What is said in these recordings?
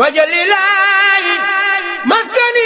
wajalilaayi maskani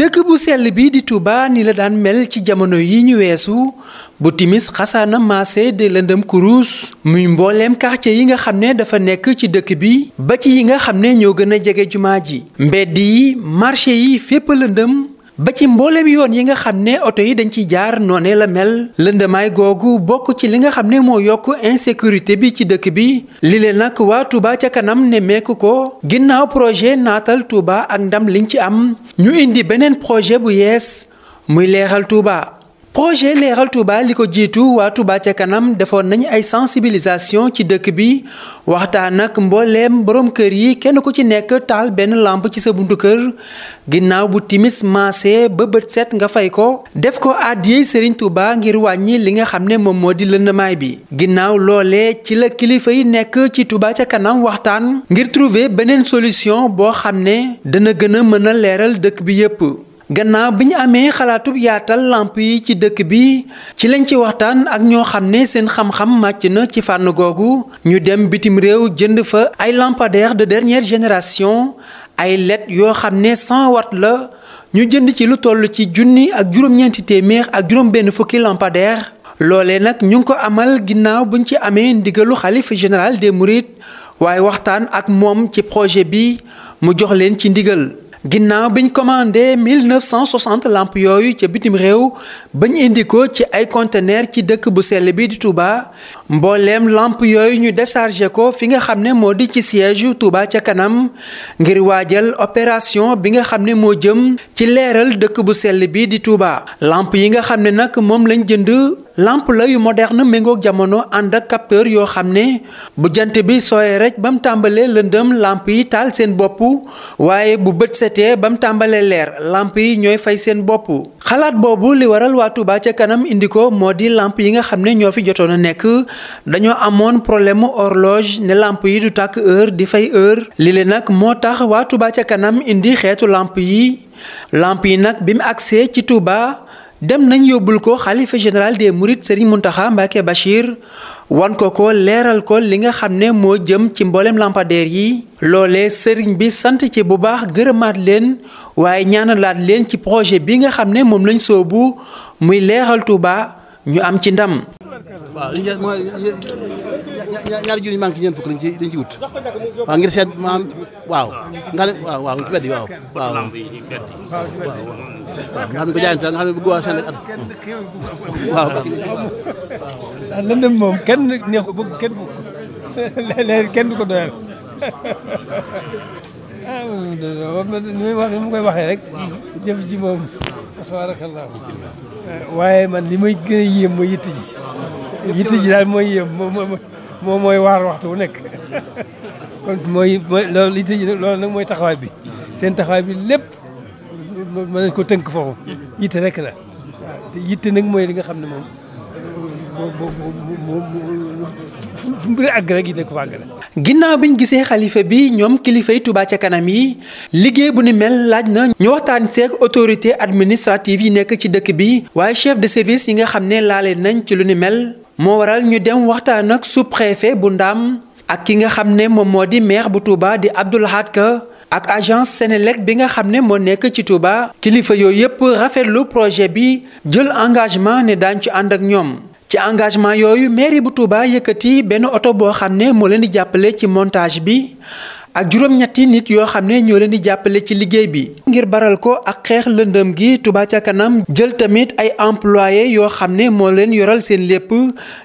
dëkk bu sell bi di Touba ni la daan mel ci jamono yi ñu weesu bu timis xasaana maase de lëndëm kuruus muy mbooleem quartier yi nga xam ne dafa nekk ci dëkk bi ba ci yi nga xam ne ñoo gën a jege jumaa ji mbedd yi marché yi fépp lëndëm ba ci mbooleem yoon yi nga xam ne oto yi dañ ciy jaar noonee la mel lëndamaay googu bokk ci li nga xam ne moo yokk insécurité bi ci dëkk bi li nag waa Touba ca kanam ne mekk ko ginnaaw projet naatal Touba ak ndam liñ ci am ñu indi beneen projet bu yees muy leexal Touba projet leeral Touba li ko jiitu waa Touba ca kanam defoon nañu ay sensibilisation ci dëkk bi waxtaan ak mbooleem borom kër yi kenn ku ci nekk taal benn lampe ci sa buntu kër ginnaaw bu timis maasee ba bët set nga fay ko. def ko àddiyey Serigne Touba ngir wàññi li nga xam ne moom moo di lëndamaay bi ginnaaw loole ci la kilifa yi nekk ci Touba ca kanam waxtaan ngir trouver beneen solution boo xam ne dana gën a mën a leeral dëkk bi yépp gannaaw bi ñu amee xalaatub yaatal làmp yi ci dëkk bi ci lañ ci waxtaan ak ñoo xam ne seen xam-xam màcc na ci fànn googu ñu dem bitim réew jënd fa ay lampadaires de dernière génération ay lett yoo xam ne 100 watt la ñu jënd ci lu toll ci junni ak juróom-ñeenti téeméer ak juróom-benn fukki lampadaires loolee nag ñu ngi ko amal ginnaaw buñ ci amee ndigalu xalif général des mourides waaye waxtaan ak moom ci projet bi mu jox leen ci ndigal. ginnaaw biñ commandé 1960 lamp yooyu ca bitim réew bañ indi ko ci ay conteneur ci dëkk bu sell bi di Touba mbooleem lamp yooyu ñu déchargé ko fi nga xam ne moo di ci siège Touba ca kanam ngir waajal opération bi nga xam ne moo jëm ci leeral dëkk bu sell bi di Touba lamp yi nga xam ne nag moom lañ jënd làmp la yu moderne méngoog jamono ànd ak capteur yoo xam ne bu jant bi sooyee rek ba mu tàmbalee lëndëm làmp yi taal seen bopp waaye bu bët setee ba mu tàmbalee leer làmp yi ñooy fay seen bopp xalaat boobu li waral waa Touba ca kanam indi ko moo di làmp yi nga xam ne ñoo fi jotoon a nekk dañoo amoon problème horloge ne làmp yi du tàkk heure di fay heure li le nag moo tax waa Touba ca kanam indi xeetu làmp yi làmp yi nag bi mu agsee ci Touba dem nañ yóbbul ko xalifa général des mourides Serigne Mountakha Mbacké Bachir wan ko ko leeral ko li nga xam ne moo jëm ci mboolem lampadaire yi loolee sëriñ bi sant ci bu baax gërëmaat leen waaye ñaanalaat leen ci projet bi nga xam ne moom lañ soobu muy leeral Touba ñu am ci ndam. ñaari junni manqué ñeent fukk lañ ci dañ ci wut waaw ngir seet maam waaw nga ne waaw waaw ci bedd yi waaw waaw waaw nga xam ne ko jaayante nga xam ne bu góor seen ak at waaw waaw lëndëm moom kenn neex ko bëgg kenn bëgg léeg-léeg kenn du ko doyal ah ni muy wax ni mu koy waxee rek jëf ji moom tabarakallah waaye man li may gën a yéem mooy yitt ji yitt ji daal mooy yéem moom moom mooy waar waxtu wu nekk kon mooy loolu li nag mooy taxawaay bi seen taxawaay bi lépp mën nañ ko tënk foofu yitte rek la waaw te yitte nag mooy li nga xam ne moom fu mbir àgg rek yitte ko fa àgg la ginnaaw biñ gisee xalifa bi ñoom kilifay tubaat ca kanam yi liggéey bu ni mel laaj na ñu waxtaan seeg autorité administrative yi nekk ci dëkk bi waaye chef de service yi nga xam ne laale nañ ci lu ni mel moo waral ñu dem waxtaan ak sous bu Ndam ak ki nga xam ne moom moo di maire bu Touba di Abdou Lahad ak agence seeni Senelec bi nga xam ne moo nekk ci Touba kilifa yooyu yëpp rafetlu projet bi jël engagement ne daañ ci ànd ak ñoom ci engagement yooyu mairie bu Touba yëkkati benn oto boo xam ne moo leen di jàppale ci montage bi ak juróom-ñetti nit yoo xam ne ñoo leen di jàppale ci liggéey bi ngir baral ko ak xeex lëndëm gi Touba kanam jël tamit ay employé yoo xam ne moo leen yoral seen lépp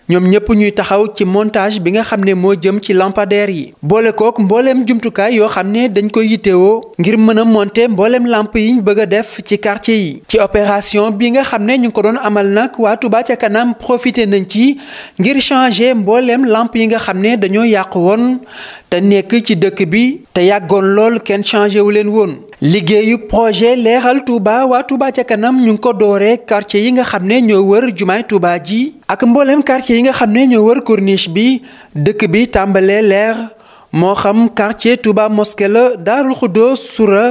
ñoom ñëpp ñuy taxaw ci montage bi nga xam ne moo jëm ci lampadaire yi boole kook mbooleem jumtukaay yoo xam ne dañ koy yittewoo ngir mën a monter mbooleem lamp yi bëgg a def ci quartier yi ci opération bi nga xam ne ñu ngi ko doon amal nag waa Touba kanam profité nañ ci ngir changer mbooleem lamp yi nga xam ne dañoo yàqu woon te bi te yàggoon lool kenn changé wu leen woon liggéeyu projet leeral Touba waa Touba ca kanam ñu ngi ko dooree quartier yi nga xam ne ñoo wër jumaay Touba ji ak mbooleem quartier yi nga xam ne ñoo wër corniche bi dëkk bi tàmbalee leer moo xam quartier Touba mosquée la Daarul Xuddoos Sura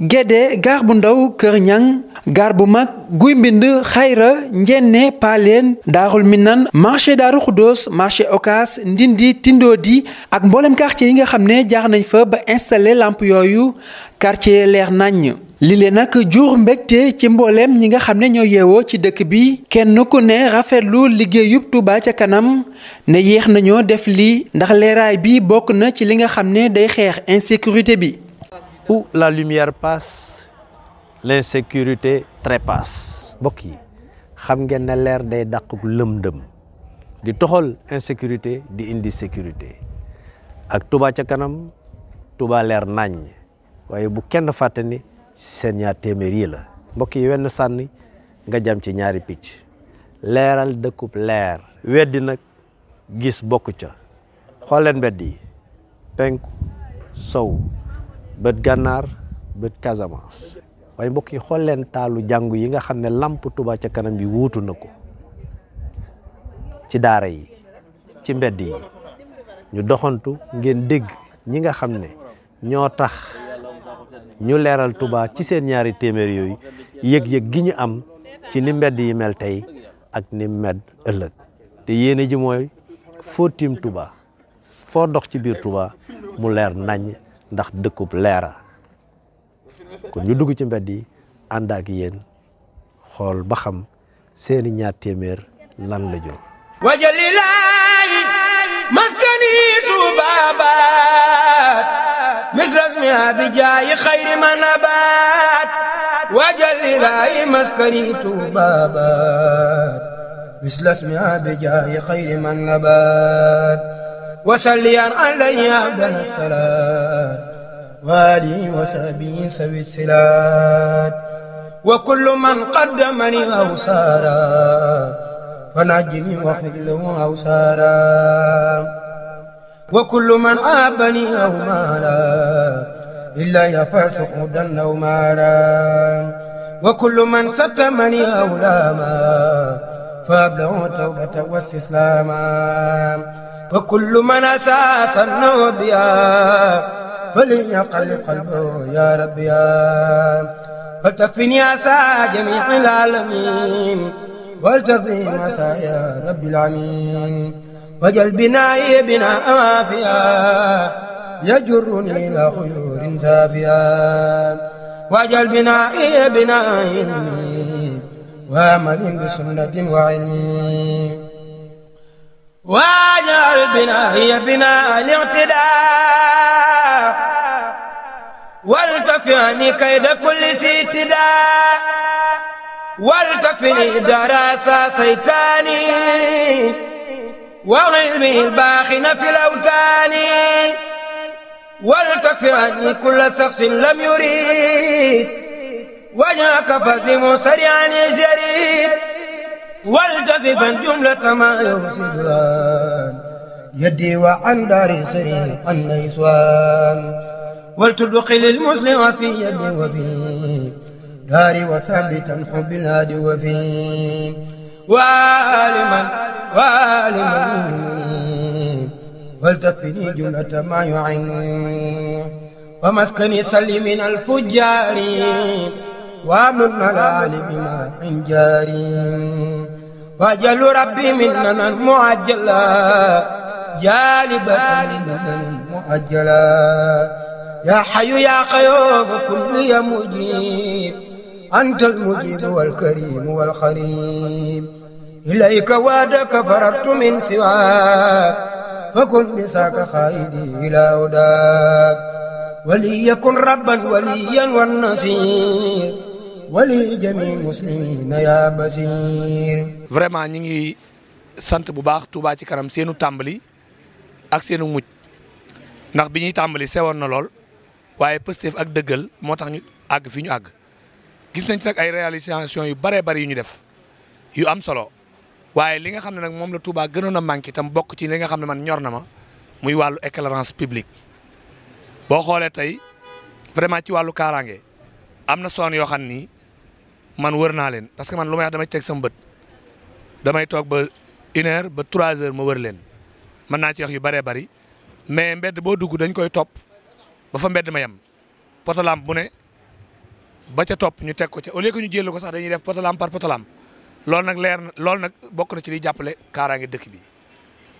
Gédé Gare bu Ndaw Kër Ñang gaar bu mag guy mbind xayra njenne paaleen daarul minan marché daaru xuddoos marché okas ndindi tindoo di ak mboolem quartier yi nga xam ne jaar nañ fa ba installé làmp yooyu quartier leer nañ li lee nag jur mbégte ci mbooleem ñi nga xam ne ñoo yeewoo ci dëkk bi kenn ku ne rafetlu liggéeyub Touba ca kanam ne yéex nañoo def lii ndax leeraay bi bokk na ci li nga xam ne day xeex insécurité bi où la lumière passe l'insécurité trépasse mbokk yi xam ngeen ne leer day dàquk lëmdëm di toxal insécurité di indi sécurité ak Touba ca kanam Touba leer naññ waaye bu kenn fàttani ni seen ñaar téeméer yi la mbokk yi wenn sànni nga jam ci ñaari picc leeral dëkkub leer weddi nag gis bokk ca xool leen yi penku sow bët gànnaar bët Casamance waaye mbokk yi xool taalu jàngu yi nga xam ne làmp tubaa ca kanam bi wuutu na ko ci daara yi ci mbedd yi ñu doxantu ngeen dégg ñi nga xam ne ñoo tax ñu leeral tubaa ci seen ñaari téeméer yooyu yëg-yëg gi ñu am ci ni mbedd yi mel tey ak ni mbedd ëllëg te yéene ji mooy foo tiim Touba foo dox ci biir tubaa mu leer nañ ndax dëkkub leera kon ñu dugg ci mbedd yi ànd ak yéen xool ba seeni ñaar téeméer lan la jóg wajalilaayi maskanitu baabaat misras mi abijaayi xayri ma nabaat wajalilaayi maskanitu baabaat misras mi abijaayi xayri ma nabaat wasalliyan alayhi abdal salaat وآلي وصحبه سوي الصلات وكل من قدمني أو سارا فنجني واغفر له أو سارا وكل من آبني أو مالا إلا يفعل خدا أو مالا وكل من ستمني أو لاما فأبلغ توبة واستسلاما وكل من أساس النوبيا فليقل قلبه يا رب يا فلتكفني عسى جميع العالمين ولتقضي عسى يا رب العالمين وجل بنائي بناء وافيا يجرني إلى خيور سافيا وجل بنائي بناء علمي وامل بسنة وعلمي واجعل بنائي بناء الاعتدال ولتكفني كيد كل استداء ولتكفني دراسة سيتاني وعلمي الباخن في الأوتان ولتكفي عني كل شخص لم يريد وجهك فاسلم سريعا يزيد والتزفا جملة ما يفسدان يدي وعن دار سري عن نيسوان ولتدخل المسلم في يدي وفي داري وثابتا حب الهادي وفي والما والما ولتكفني جملة ما يعين ومسكني سلي من الفجار وامن العالي بما عن جاري واجل ربي مننا معجلا جالبا مننا معجلا yaa xayu yaa qayoobu kullu ya mujib antal mujib wal kariim wal xariim ilayka waadaka farartu min siwaak fakun bisaaka xaayidi ilaa hudaak وليكن ربا وليا والنصير ولجميع المسلمين يا بصير vraiment ñi ngi sant bu baax Touba ci kanam seenu tàmbali ak seenu mujj ndax bi ñuy tàmbali sewoon na lool waaye Pastef ak dëggal moo tax ñu àgg fi ñu àgg gis nañ ci nag ay réalisation yu bëree bëri yu ñu def yu am solo waaye li nga xam ne nag moom la Touba gënoon a manqué itam bokk ci li nga xam ne man ñor na ma muy wàllu éclairance publique boo xoolee tey vraiment ci wàllu kaaraange am na soon yoo xam ni man wër naa leen parce que man lu may wax damay teg sama bët damay toog ba une ba trois heures ma wër leen mën naa ci wax yu bëree bari mais mbedd boo dugg dañ koy topp ba fa mbedd ma yem potolamp bu ne ba ca topp ñu teg ko ca au lieu que ñu jël ko sax dañuy def potolamp par potolamp loolu nag leer na loolu nag bokk na ci liy jàppale kaaraange dëkk bi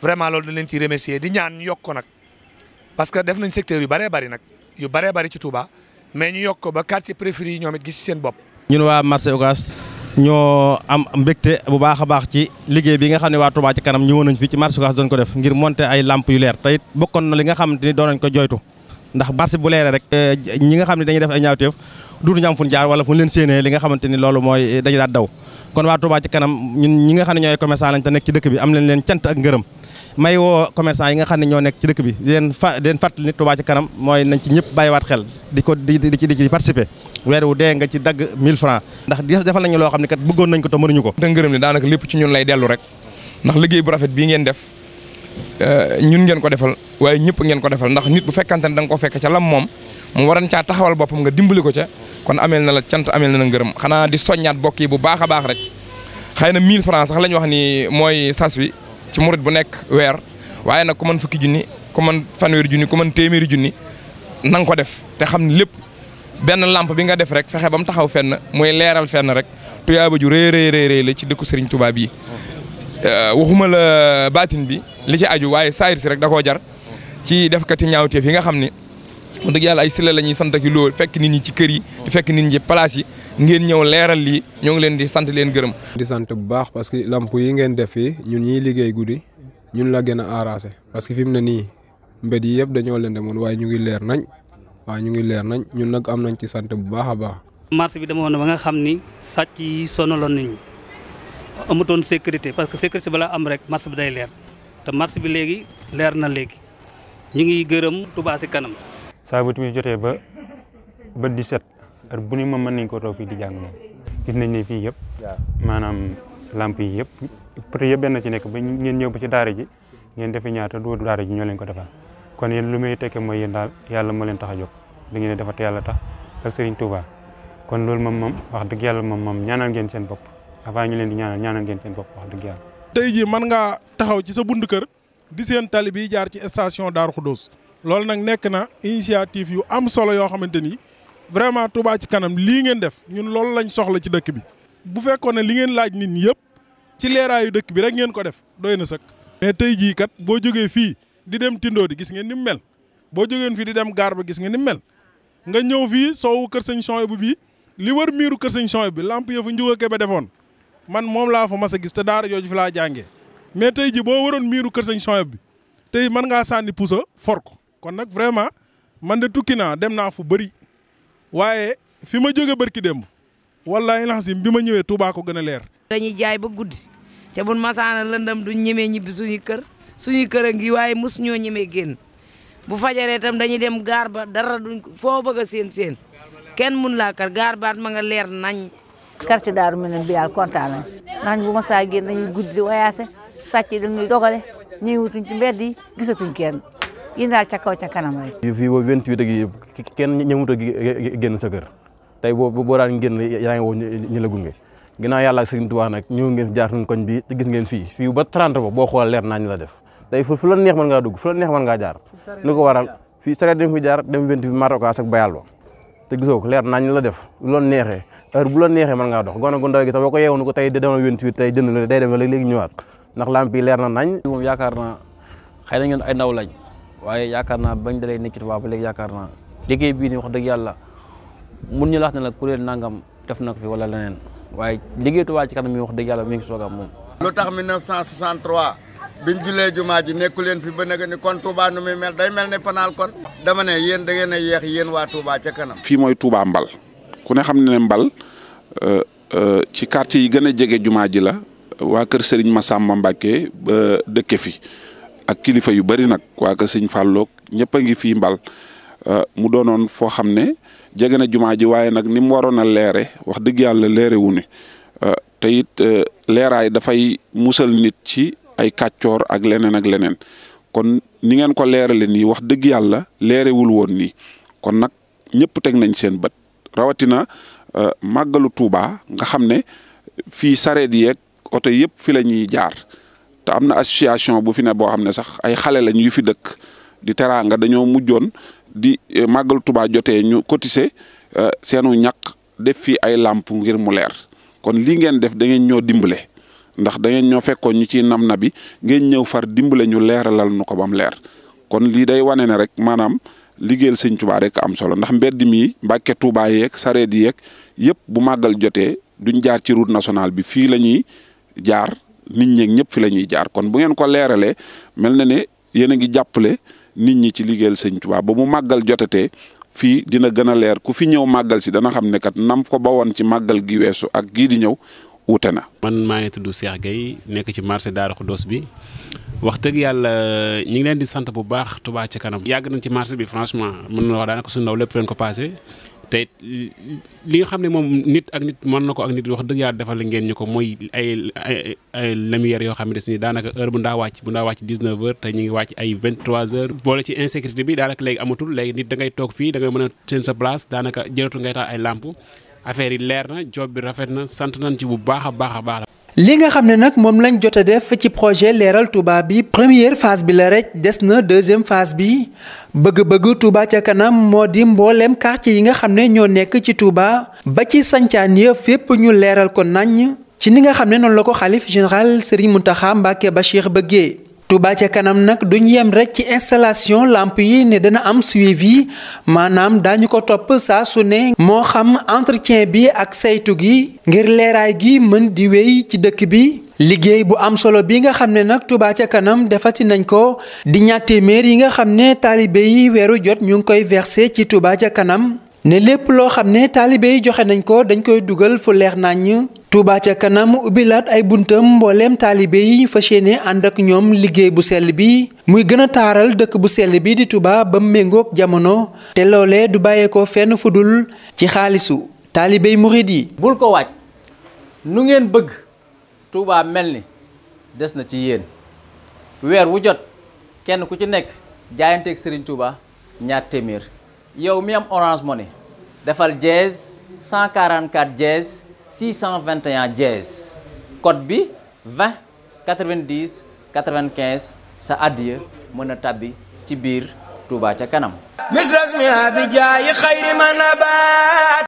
vraiment loolu dañ leen ciy remercier di ñaan ñu yokk ko nag parce que def nañ secteur yu bëree bari nag yu bëree bëri ci Touba mais ñu yokk ko ba quartier préféré yi ñoom it gis ci seen bopp. ñun waa marché Ocass ñoo am mbégte bu baax a baax ci liggéey bi nga xam ne waa Touba ci kanam def ngir monter ay lamp leer te it bokkoon na li nga xam doon nañ ko joytu ndax marché bu leeree rek eh, ñi nga xam ne dañuy def ay ñaawteef duutuñu am fu ñu jaar wala fu leen séenee li nga xamante ni loolu mooy eh, dañu daat daw kon waa Touba ci kanam ñi nga xam ne ñoo nekk ci dëkk bi di leen fa di ni Touba ci kanam mooy nañ ci ñëpp bàyyiwaat xel di ci di participer wu dee nga ci dagg 1000 francs ndax defal nañu loo xam ne kat bëggoon nañ ko te mënuñu ko te ngërëm li daanaka lépp ci ñun lay dellu rek ndax liggéey bu rafet bii ngeen Euh, ñun ngeen ko defal waaye ñëpp ngeen ko defal ndax nit bu fekkante ne da ko fekk ca lam moom mu waran caa taxawal boppam nga dimbali ko ca kon ameel na la cant ameel na la ngërëm xanaa di soññaat bokk yi bu baaxa baax rek xëy na 1000 francs sax la ñu wax ni mooy sas wi ci murit bu nekk weer waaye nag ku mën fukki junni ku mën fanweeri junni ku man téeméeri junni na nga ko def te xam ni lépp benn lampe bi nga def rek fexe ba mu taxaw fenn mooy leeral fenn rek tuyaaba ju rëy la ci dëkku Serigne Touba bii Euh, waxuma la baatin bi li ci aju waaye saayir si rek da koo jar ci def kati ñaawteef fi nga xam ne wax dëgg yàlla ay sile la ñuy sant ak fekk nit ñi ci kër yi di fekk nit ñi ci place yi ngeen ñëw leeral lii ñoo ngi leen di sant leen gërëm. di sant bu baax parce que lamp yi ngeen def fii ñun ñiy liggéey guddi ñun la gën a arrasé parce que fi mu ne nii mbed yi yëpp dañoo leen de demoon waaye ñu ngi leer nañ waaye ñu ngi leer nañ ñun nag am nañ ci sant bu baax a baax. marché bi demoon na ba nga xam ni sàcc yi sonaloon nañu amutoon sécurité parce que sécurité balaa am rek marché bi day leer te marché bi léegi leer na léegi ñu ngi gërëm Touba si kanam. saa bu timis jotee ba di set heure bu ni ma mën nañ ko toog fii di jàng moom gis nañ ne fii yëpp maanaam lamp yi yëpp poto yëpp benn ci nekk ba ngeen ñëw ba ci daara ji ngeen defi ñaata dootu daara ji ñoo ko defa kon yéen lu muy tekkee mooy yéen daal yàlla moo leen tax a jóg da ngeen di defar te yàlla tax ak Serigne Touba kon loolu moom moom wax dëgg yàlla moom moom ñaanal ngeen seen bopp. avant ñu leen di ñaanal ngeen seen bopp wax dëgg tey jii man nga taxaw ci sa buntu kër di seen tali bi jaar ci station Darou Khoudoss loolu nag nekk na initiative yu am solo yoo xamante ni vraiment Touba ci kanam lii ngeen def ñun loolu lañ soxla ci dëkk bi bu fekkoon ne li ngeen laaj nit ñi yëpp ci leeraayu dëkk bi rek ngeen ko def doy na sëkk. mais tey jii kat boo jógee fii di dem Tindoo di gis ngeen ni mu mel boo jógeen fii di dem Gaar ba gis ngeen ni mu mel nga ñëw fii soowu kër sëñ Souhaïbou bi li wër miiru kër sëñ Souhaïbou bi lamp ya fa njuga kebe defoon man moom laa fa mas a gis te daar daara jooju fi laa jàngee mais tey ji boo waroon miiru kër sëñ Souhaïbou bi tey mën ngaa sànni pusa for kon nag vraiment man de tukki naa dem naa fu bëri waaye fi ma jóge barki démb wallaahi laxasim bi ma ñëwee Touba ko gën a leer. dañuy jaay ba guddi te bu masaana lëndam du ñemee ñibbi suñu kër suñu kër a ngi waaye mos ñoo ñemee génn bu fajaree tam dañuy dem gaar ba dara duñ foo bëgg a seen seen kenn mun laa kar gaar baat ma nga leer nañ. quartier Daaru Minam bi yàlla kontaan nañ bu ma saa génn dañuy guddi di wayaase sàcc yi dañuy dogale ñëwatuñ ci mbedd yi gisatuñ kenn yéen daal ca kaw ca kanam rek. fii ba 28 ak yi kenn ñëwut a génn sa kër tey boo boo daan génn yaa ngi woo ñu la gunge ginnaaw yàlla ak Sëriñ Tuubaa nag ñëw ngeen jaar suñu bi gis ngeen fii fii ba 30 boo xoolee leer naa ñu la def tey fu fu la neex mën ngaa dugg fu la neex mën ngaa jaar. ni ko waral fii sareet dañ fi jaar dem 28 Mataokaas ak Bayal ba te gisoo ko leer nañ la def bu la neexee heure bu la neexee mën ngaa dox gone gu ndaw gi te boo ko yeewoon ko tey da dama wénti tey jënd la day dem léegi-léegi ñëwaat ndax lamp yi leer na nañ moom yaakaar naa na ñun ay ndaw waaye yaakaar naa bañ dalay nekk ci Tuubaa ba léegi yaakaar naa liggéey wax dëgg yàlla mun ñu laax ne la nangam def na fi wala leneen waaye liggéey Tuubaa ci kanam mi wax dëgg yàlla mi ngi soog am moom biñ julee jumaa ji nekku leen fi ba nga ni kon Touba nu muy mel day mel ne panaal kon. dama ne yéen da ngeen a yéex yéen waa Touba ca kanam. mooy Touba Mbal ku ne xam ne Mbal euh, euh, ci quartier yi gën a jege jumaa ji la waa kër Serigne Massamba Mbacké ba dëkke fi ak kilifa yu bari nag waa kër Serigne Fallou ñëpp a ngi fii Mbal euh, mu doonoon foo xam ne jege na jumaa ji waaye nag ni mu waroon a leere wax dëgg yàlla leere wu ne te it leeraay dafay musal nit ci. ay kàccoor ak leneen ak leneen kon ni ngeen ko leerale nii wax dëgg yàlla leerewul woon nii kon nag ñëpp teg nañ seen bët rawatina euh, màggalu Touba nga xam ne fii sareet yeeg oto yëpp fi la ñuy jaar te am na association bu fi ne boo xam ne sax ay xale lañ yu fi dëkk di teraanga dañoo mujjoon di euh, màggalu Touba jotee ñu cotiser euh, seenu ñaq def fii ay làmp ngir mu leer kon lii ngeen def da ngeen ñoo dimbale. ndax dangeen ngeen ñoo fekkoon ñu ci nam na bi ngeen ñëw far dimbale ñu leeralal nu ko ba mu leer kon lii day wane ne rek maanaam liggéeyal sëñ Tuubaa rek am solo ndax mbedd mi Mbàkke Tuubaa yeeg sareet yeeg yëpp bu màggal jotee duñ jaar ci route national bi fii la ñuy jaar nit ñeeg ñëpp fi la ñuy jaar kon bu ngeen ko leeralee mel na ne yéen a ngi jàppale nit ñi ci liggéeyal sëñ Tuubaa ba mu màggal jotatee fii dina gën a leer ku fi ñëw màggal si dana xam ne kat nam ko bawoon ci màggal gi weesu ak gii di ñëw wuute na. man maa ngi tudd Cheikh Gueye nekk ci marché Darou Khoudoss bi wax dëgg yàlla ñu ngi leen di sant bu baax Touba ci kanam. yàgg nañ ci marché bi franchement mën na wax daanaka suñu ndaw lépp leen ko passé te li nga xam ne moom nit ak nit mën na ko ak nit wax dëgg yàlla defal ngeen ñu ko mooy ay ay ay lumière yoo xam ne des ni daanaka heure bu ndaa wàcc bu ndaa wàcc 19 heures te ñu ngi wàcc ay 23 heures. boole ci insécurité bi daanaka léegi amatul léegi nit dangay toog fii da mën a seen sa place daanaka jëlatu ngay taal ay lampe affaire yi leer na job bi rafet na sant nañ ci bu baax a baax a baax li nga xam ne nag moom lañ jot def ci projet leeral Touba bi première phase bi la rek des na deuxième phase bi bëgg-bëgg tubaa ca kanam moo di mbooleem quartier yi nga xam ne ñoo nekk ci Touba ba ci sancaan ya fépp ñu leeral ko nañ ci ni nga xam ne noonu la ko xalif général Serigne Mountakha ba Bachir bëggee. Touba ca kanam nag duñu yem rek ci installation lamp yi ne dana am suivi maanaam daañu ko topp saa su ne moo xam entretien bi ak saytu gi ngir leeraay gi mën di wéy ci dëkk bi liggéey bu am solo bi nga xam ne nag Touba ca kanam defati nañ ko di ñaar téeméer yi nga xam ne taalibe yi weeru jot ñu ngi koy versé ci Touba ca kanam ne lépp loo xam ne taalibe yi joxe nañ ko dañ koy dugal fu leer naññ Touba ca kanam ubbilaat ay buntam mbooleem taalibe yi fas yéene ànd ak ñoom liggéey bu sell bi muy gën a taaral dëkk bu sell bi di Touba ba méngoog jamono te loolee du bàyyeekoo fenn fudul ci xaalisu taalibey murid yi bul ko waaj nu ngeen bëgg Touba mel ni des na ci yéen weer wu jot kenn ku ci nekk jaayanteeg Serigne Touba ñaar téeméer yow mi am Orange Money defal dièse 144 dièse 621 dièse code bi 20 90 95 sa addiya mën a tabbi ci biir Touba ca kanam misrasmia bi jaayi xayri ma nabaat